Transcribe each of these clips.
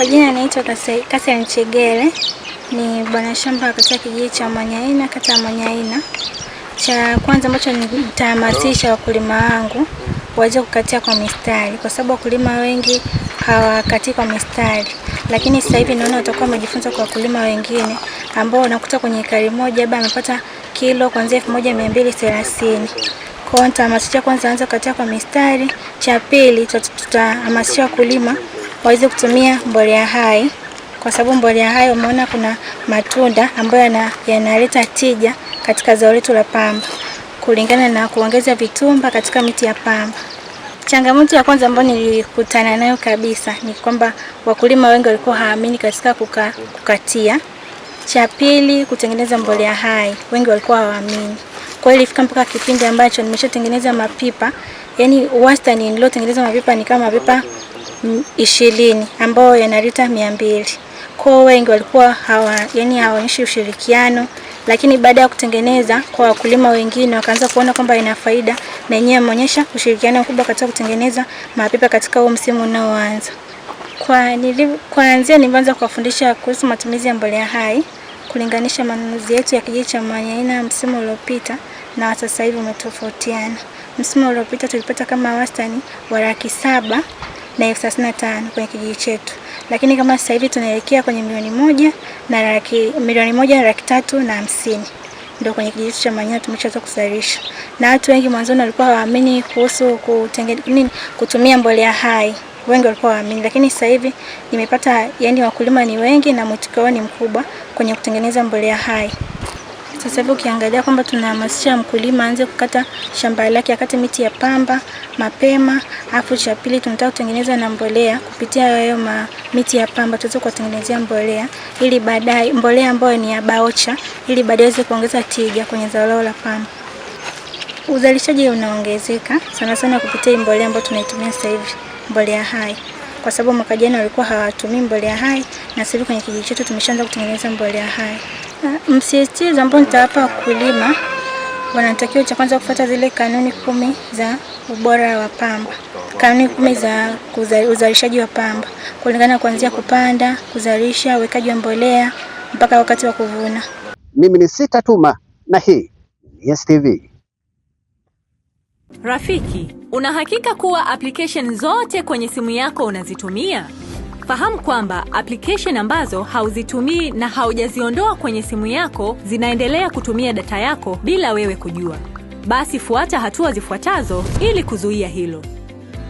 Kwa jina naitwa Kasen Chegele, ni bwana shamba katika kijiji cha Mwanyaina, kata ya Mwanyaina. Cha kwanza ambacho nitahamasisha wakulima wangu waweze kukatia kwa mistari, kwa sababu wakulima wengi hawakatii kwa mistari, lakini sasa hivi naona watakuwa wamejifunza kwa wakulima wengine ambao unakuta kwenye ekari moja labda amepata kilo kuanzia elfu moja mia mbili thelathini kwa nitahamasisha kwanza anza kukatia kwa mistari. Cha pili tutahamasisha wakulima waweze kutumia mbolea hai, kwa sababu mbolea hai umeona kuna matunda ambayo yanaleta tija katika zao letu la pamba, kulingana na kuongeza vitumba katika miti ya pamba. Changamoto ya kwanza ambayo nilikutana nayo kabisa ni kwamba wakulima wengi walikuwa haamini katika kuka, kukatia. Cha pili, kutengeneza mbolea hai, wengi walikuwa hawaamini. Kwa hiyo ilifika mpaka kipindi ambacho nimeshatengeneza mapipa, yani wastani niliotengeneza mapipa ni kama mapipa ishirini ambayo yana lita mia mbili kwao wengi walikuwa hawa, yani hawaonyeshi ushirikiano, lakini baada ya kutengeneza kwa wakulima wengine wakaanza kuona kwamba ina faida na yenyewe ameonyesha ushirikiano mkubwa katika kutengeneza mapipa katika huu msimu unaoanza. Kwa kuanzia nilianza kuwafundisha kuhusu matumizi ya mbolea hai, kulinganisha manunuzi yetu ya kijiji cha Mwanyaina msimu uliopita na sasa hivi umetofautiana. Msimu uliopita tulipata kama wastani wa laki saba na elfu thelathini na tano kwenye kijiji chetu, lakini kama sasa hivi tunaelekea kwenye milioni moja na laki milioni moja na laki tatu na hamsini ndio kwenye kijiji cha Manyara tumeshaanza kuzalisha, na watu wengi mwanzoni walikuwa hawaamini kuhusu kutengeneza kutumia mbolea hai, wengi walikuwa hawaamini, lakini sasa hivi nimepata, yani wakulima ni wengi na mwitikio ni mkubwa kwenye kutengeneza mbolea hai. Sasa hivi ukiangalia kwamba tunahamasisha mkulima aanze kukata shamba lake, akate miti ya pamba mapema. Afu cha pili tunataka kutengeneza na mbolea kupitia hayo miti ya pamba, tuweze kuwatengenezea mbolea ili baadaye, mbolea ambayo ni ya baocha, ili baadaye weze kuongeza tija kwenye zao lao la pamba. Uzalishaji unaongezeka sana sana kupitia mbolea ambayo tunaitumia sasa hivi, mbolea hai kwa sababu mwaka jana walikuwa hawatumii mbolea hai, na sasa hivi kwenye kijiji chetu tumeshaanza kutengeneza mbolea hai. Uh, Msisitizo ambao nitawapa wakulima, wanatakiwa cha kwanza kufuata zile kanuni kumi za ubora wa pamba, kanuni kumi za uzalishaji wa pamba kulingana kuanzia kupanda, kuzalisha, uwekaji wa mbolea mpaka wakati wa kuvuna. Mimi ni Sita Tuma na hii Yes TV. Rafiki, una hakika kuwa application zote kwenye simu yako unazitumia? Fahamu kwamba application ambazo hauzitumii na haujaziondoa kwenye simu yako zinaendelea kutumia data yako bila wewe kujua. Basi fuata hatua zifuatazo ili kuzuia hilo.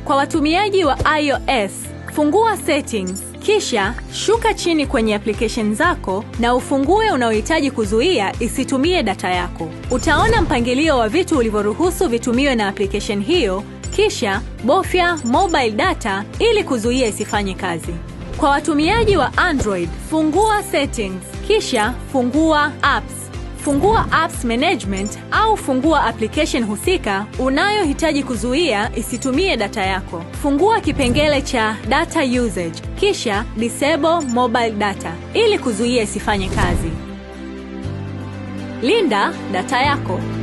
Kwa watumiaji wa iOS, fungua settings, kisha shuka chini kwenye application zako na ufungue unaohitaji kuzuia isitumie data yako. Utaona mpangilio wa vitu ulivyoruhusu vitumiwe na application hiyo kisha bofya mobile data ili kuzuia isifanye kazi. Kwa watumiaji wa Android, fungua settings, kisha fungua apps. Fungua apps management au fungua application husika unayohitaji kuzuia isitumie data yako. Fungua kipengele cha data usage, kisha disable mobile data ili kuzuia isifanye kazi. Linda data yako.